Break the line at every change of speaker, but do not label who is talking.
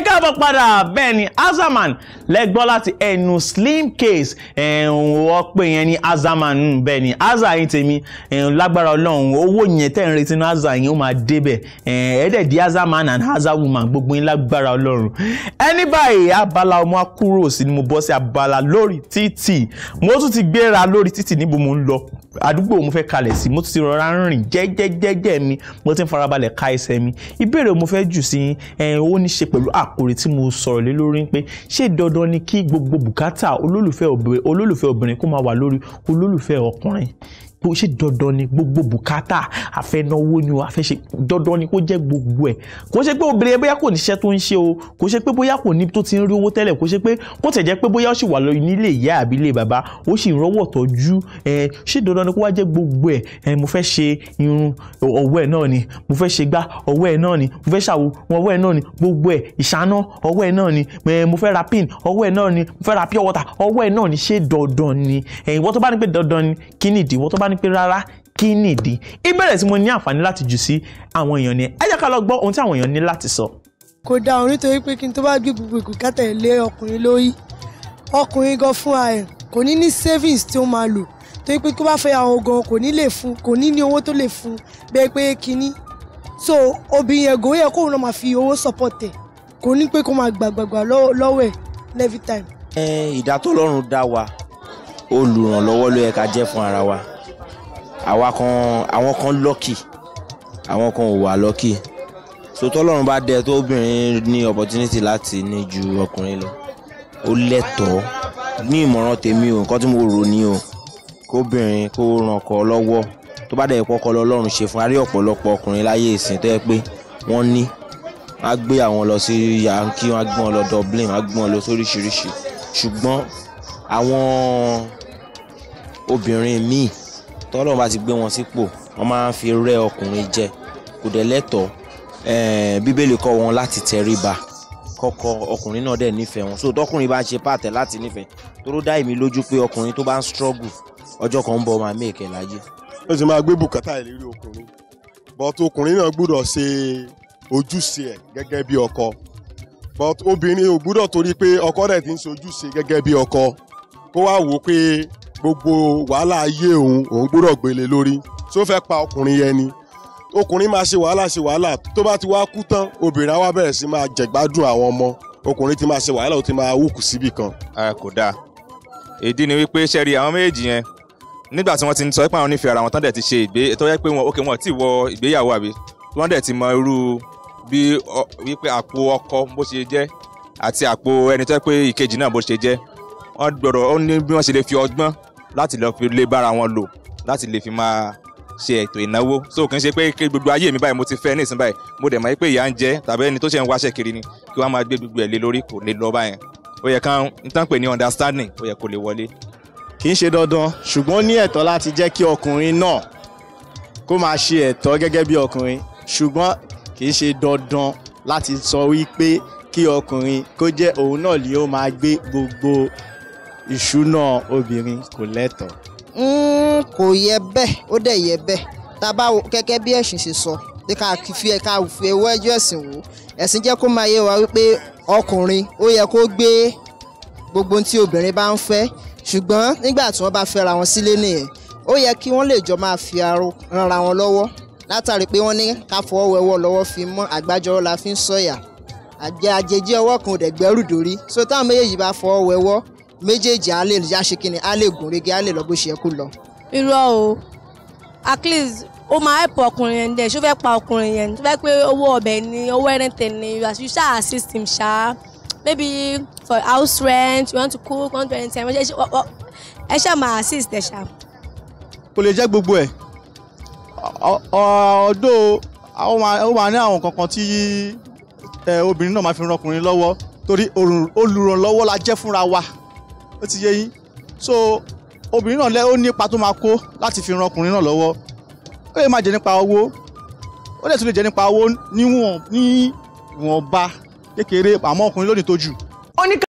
ẹ káàbọ̀ padà bẹ́ẹ̀ ni Azarman lẹ́gbọ́ láti ẹnu Slim Case ẹ̀hún ọ̀pẹ yẹn ni Azarman hmm, bẹ́ẹ̀ ni Azar yín tèmi ẹ̀hún lágbára ọlọ́run owó yẹn tẹ̀ ń retí ní Azar yín ó máa débẹ̀ ẹ̀ẹ́dẹ̀ di Azarman and Azar woman gbogbo yín lágbára ọlọ́run ẹni báyìí abala ọmọ akúrò sí ni mo bọ́ sí abala lórí títì mo tún ti gbéra lórí títì níbo mo ń lọ àdúgbò mo fẹ́ kalẹ̀ sí mo ti rọra ń rìn jẹ́jẹ́jẹ́jẹ́ mi mo ti ń farabalẹ̀ ka ẹsẹ̀ mi ìbéèrè mo fẹ́ jù sí ẹ̀hún ó ní ṣe pẹ̀lú àkòrí tí mo sọ̀rọ̀ lé lórí pé ṣé dandan ni kí gbogbo bùkátà olólùfẹ́ obìnrin kó máa wà lórí olólùfẹ́ ọkùnrin bó ṣe dandan ni gbogbo bùkátà àfẹnáwó ni o àfẹṣe dandan ni kó jẹ́ gbogbo ẹ̀ kò ṣe pé obìnrin bóyá kò níṣẹ́ tó ń ṣe o kò ṣe pé bóyá kò ní tó ti ń rí owó tẹ́lẹ̀ kò ṣe pé kò tẹ̀ jẹ́ pé bóyá ó sì wà lọ nílé ìyá àbí ilé bàbá ó sì ń rọ́wọ́ tọ́jú ẹ̀ ṣe dandan ni kó wá jẹ́ gbogbo ẹ̀ ẹ̀ mo fẹ́ ṣe irun ọwọ́ ẹ̀ náà ni mo fẹ́ ṣe gbá ọwọ́ ẹ̀ náà ni mo fẹ́ ṣàwo ọwọ́ ẹ̀ náà ni gbogbo ẹ̀ ìṣáná ọwọ́ ẹ̀ náà ni mo fẹ́ ra pin ọwọ́ ẹ̀ náà ni mo fẹ́ ra pure water ọwọ́ ẹ̀ náà ni ṣe dandan ni ìwọ tó bá ní pé dandan ni kí ni ìdíwọ́ tó bá ní pé rárá kí nìdí ìbéèrè tí mo ní àǹfààní láti jù sí àwọn èèyàn ni ẹ jẹ́ ká lọ gbọ́ ohun tí àwọn èèyàn ní láti sọ.
kò dáhùn nítorí pé kí n tó bá gbé gbogbo ìkùkátà ilé ọkùnrin lórí ọkùnrin gan fúnra ẹ̀ kò ní ní savings tí ó máa lò torí pé kó bá fẹ́ àwọn gan kò ní lè fún kò ní ní owó tó lè fún bẹ́ẹ̀ pé kínní so obìnrin yẹn gòó yẹ kóun náà máa fi owó support ẹ̀ kò ní pé kó máa gbàgbàgbà lọ́wọ́ ẹ̀ every time.
ìdá tó lọ́rùn dá wa olùrànlọ́wọ́ ló yẹ ká jẹ́ fún ara wa àwa kan àwọn kan lọ́kì àwọn kan ò wà lọ́kì sotọ́lọ́run bá dẹ tó obìnrin ní opportunity láti ní ju ọkùnrin lọ ó lẹ́tọ̀ọ́ ní ìmọ̀ràn tèmi o nǹkan tí mo rò ní o kóbìnrin kó ran ọkọ lọ́wọ́ tó bá dẹ̀ pọ́kọ lọ́lọ́run ṣe fún arí ọ̀pọ̀lọpọ̀ ọkùnrin láyé ìsìn tó yẹ pé wọ́n ní wọ́n á gbé àwọn lọ sí yankí wọ́n á gbé wọn lọ Dublin wọ́n á gbé wọn lọ sóríṣiríṣi ṣùgbọ́n àwọn obìnrin míì tọ́lọ́run bá ti gbé wọn sípò wọ́n máa ń fi rẹ́ ọkùnrin jẹ kò dẹ̀ lẹ́tọ̀ọ́ eh, bíbélì kọ́ wọn láti tẹríba kọ́kọ́ ọkùnrin náà dẹ̀ nífẹ̀ẹ́ wọn so tọkùnrin bá ń ṣe pàtẹ́ láti nífẹ̀ẹ́ toró dá èmi lójú pé ọkùnrin
tó bá ń struggle ọjọ́ kan ń bọ̀ máa mẹ́ẹ̀kẹ́ láyé. ó sì máa gbé bùkátà ìlérí ọkùnrin but ọkùnrin náà gbúdọ̀ ṣe ojúṣe ẹ̀ gẹ́gẹ́ bí ọkọ but obìnrin ò gbúdọ̀ torí pé ọkọ rẹ̀ ti ń ṣe ojúṣe gẹ́gẹ́ bí ọkọ kó wá wò ó pé gbogbo wàhálà ayé òun òun gbọ́dọ̀ gbélé lórí tó fẹ́ pa ọkùnrin yẹn ni ọkùnrin máa ṣe wàhálà ṣe wàhálà tó bá ti wá kú tán obìnrin á wá bẹ̀rẹ̀ sí máa jẹ̀gbádùn àwọn ọmọ ọkùnrin ti máa ṣe wàhálà ó ti máa wúkù síbì kan.
kò dáa ìdí ni wípé sẹ́rí àwọn méjèèjì yẹn nígbà tí wọ́n ti sọ pé àwọn nífẹ̀ẹ́ ara wọn tán dẹ̀ ti ṣe ìgbé tó yẹ pé wọn òkè wọn ti wọ ìgbéyàwó àbí wọ́n dẹ̀ ti mọ irú bí wípé àpò ọkọ bó ṣe jẹ́ àti àpò ẹni tó yẹ pé ìkejì náà bó ṣe jẹ́ wọ́n gbọ́dọ̀ ó ní bí wọ́n ṣe lè fi ọgbọ́n láti lọ fi lè bára wọn lò láti lè fi máa ṣe ètò ìnáwó so kì í ṣe pé gbogbo ayé mi báyìí mo ti fẹ́ ní ìsìn báyìí mo dẹ̀ mọ̀ pé ìyá ń jẹ tàbí ẹni tó ṣe ń wáṣẹ́ kiri ni kí wọ́n máa gbé gbogbo ẹ̀ lé lórí kò lè lọ báyẹn ó yẹ kán n tán pè ní understanding ó yẹ kó lè wọlé.
kì í ṣe dandan ṣùgbọ́n ní ẹ̀tọ́ láti jẹ́ kí ọkùnrin náà kó máa ṣe ẹ̀tọ́ gẹ́gẹ́ bí ọkùnrin ṣùgbọ́n kì í ṣe dandan láti sọ wípé kí ọkùnrin kó jẹ́ òun náà lè máa gbé gbogbo ìṣúná obìnrin kò lẹ́tọ̀ọ́.
Hmm, kò yẹ bẹ́ẹ̀ ó dẹ̀ yẹ bẹ́ẹ̀ tá a bá gẹ́gẹ́ bí ẹ̀sìn ṣe sọ pé ká fi ẹ̀ka fi ẹwọ́ ẹjọ́ ẹ̀sìn wò ẹ̀sìn jẹ́ kó máa yé wa wípé ọkùnrin ó yẹ kó gbé gbogbo tí obìnrin bá ń fẹ́ ṣùgbọ́n nígbà tí wọ́n bá fẹ́ra wọn sílé nìyẹn ó yẹ kí wọ́n lè jọ máa fi ara wọn lọ́wọ́ látàrí pé wọ́n ní ká fọwọ́ wẹwọ́ lọ́wọ́ fi mọ́ àgbájọrọ́ la fi ń sọ̀yà àjẹjẹ ọwọ́ kan ò dẹ̀ gbẹ́rù dórí so táwọn méjèèjì bá fọwọ́ wẹwọ́ méjèèjì á ya yá ṣe kíni á lè gùn régé á lè lọ bó ṣe yẹ kó lọ. irọ́ o at least ó máa help
ọkùnrin yẹn dẹ̀ ṣó fẹ́ pa ọkùnrin yẹn tó fẹ́ pé owó ọbẹ̀ ni owó ẹ̀rẹ́ntẹ̀ ni you ṣáà assist him ṣáà maybe for house rent you want to cook one twenty ten ẹ ṣáà máa assist ẹ ṣáà.
kò lè jẹ́ gbogbo ẹ̀ ọ̀ọ́dọ̀ ó máa ní àwọn kankan tí obìnrin náà máa fi ran ọkùnrin lọ́wọ́ torí olùrànlọ́wọ́ la jẹ́ fúnra wa ó ti yé yín so obìnrin náà lẹ́ ó ní ipa tó máa kó láti fi ran ọkùnrin náà lọ́wọ́ ó lè máa jẹ nípa owó ó lè tún lè jẹ nípa owó níwọ̀n ní ìwọ̀nba kékeré àmọ́ ọkùnrin lónìí tó jù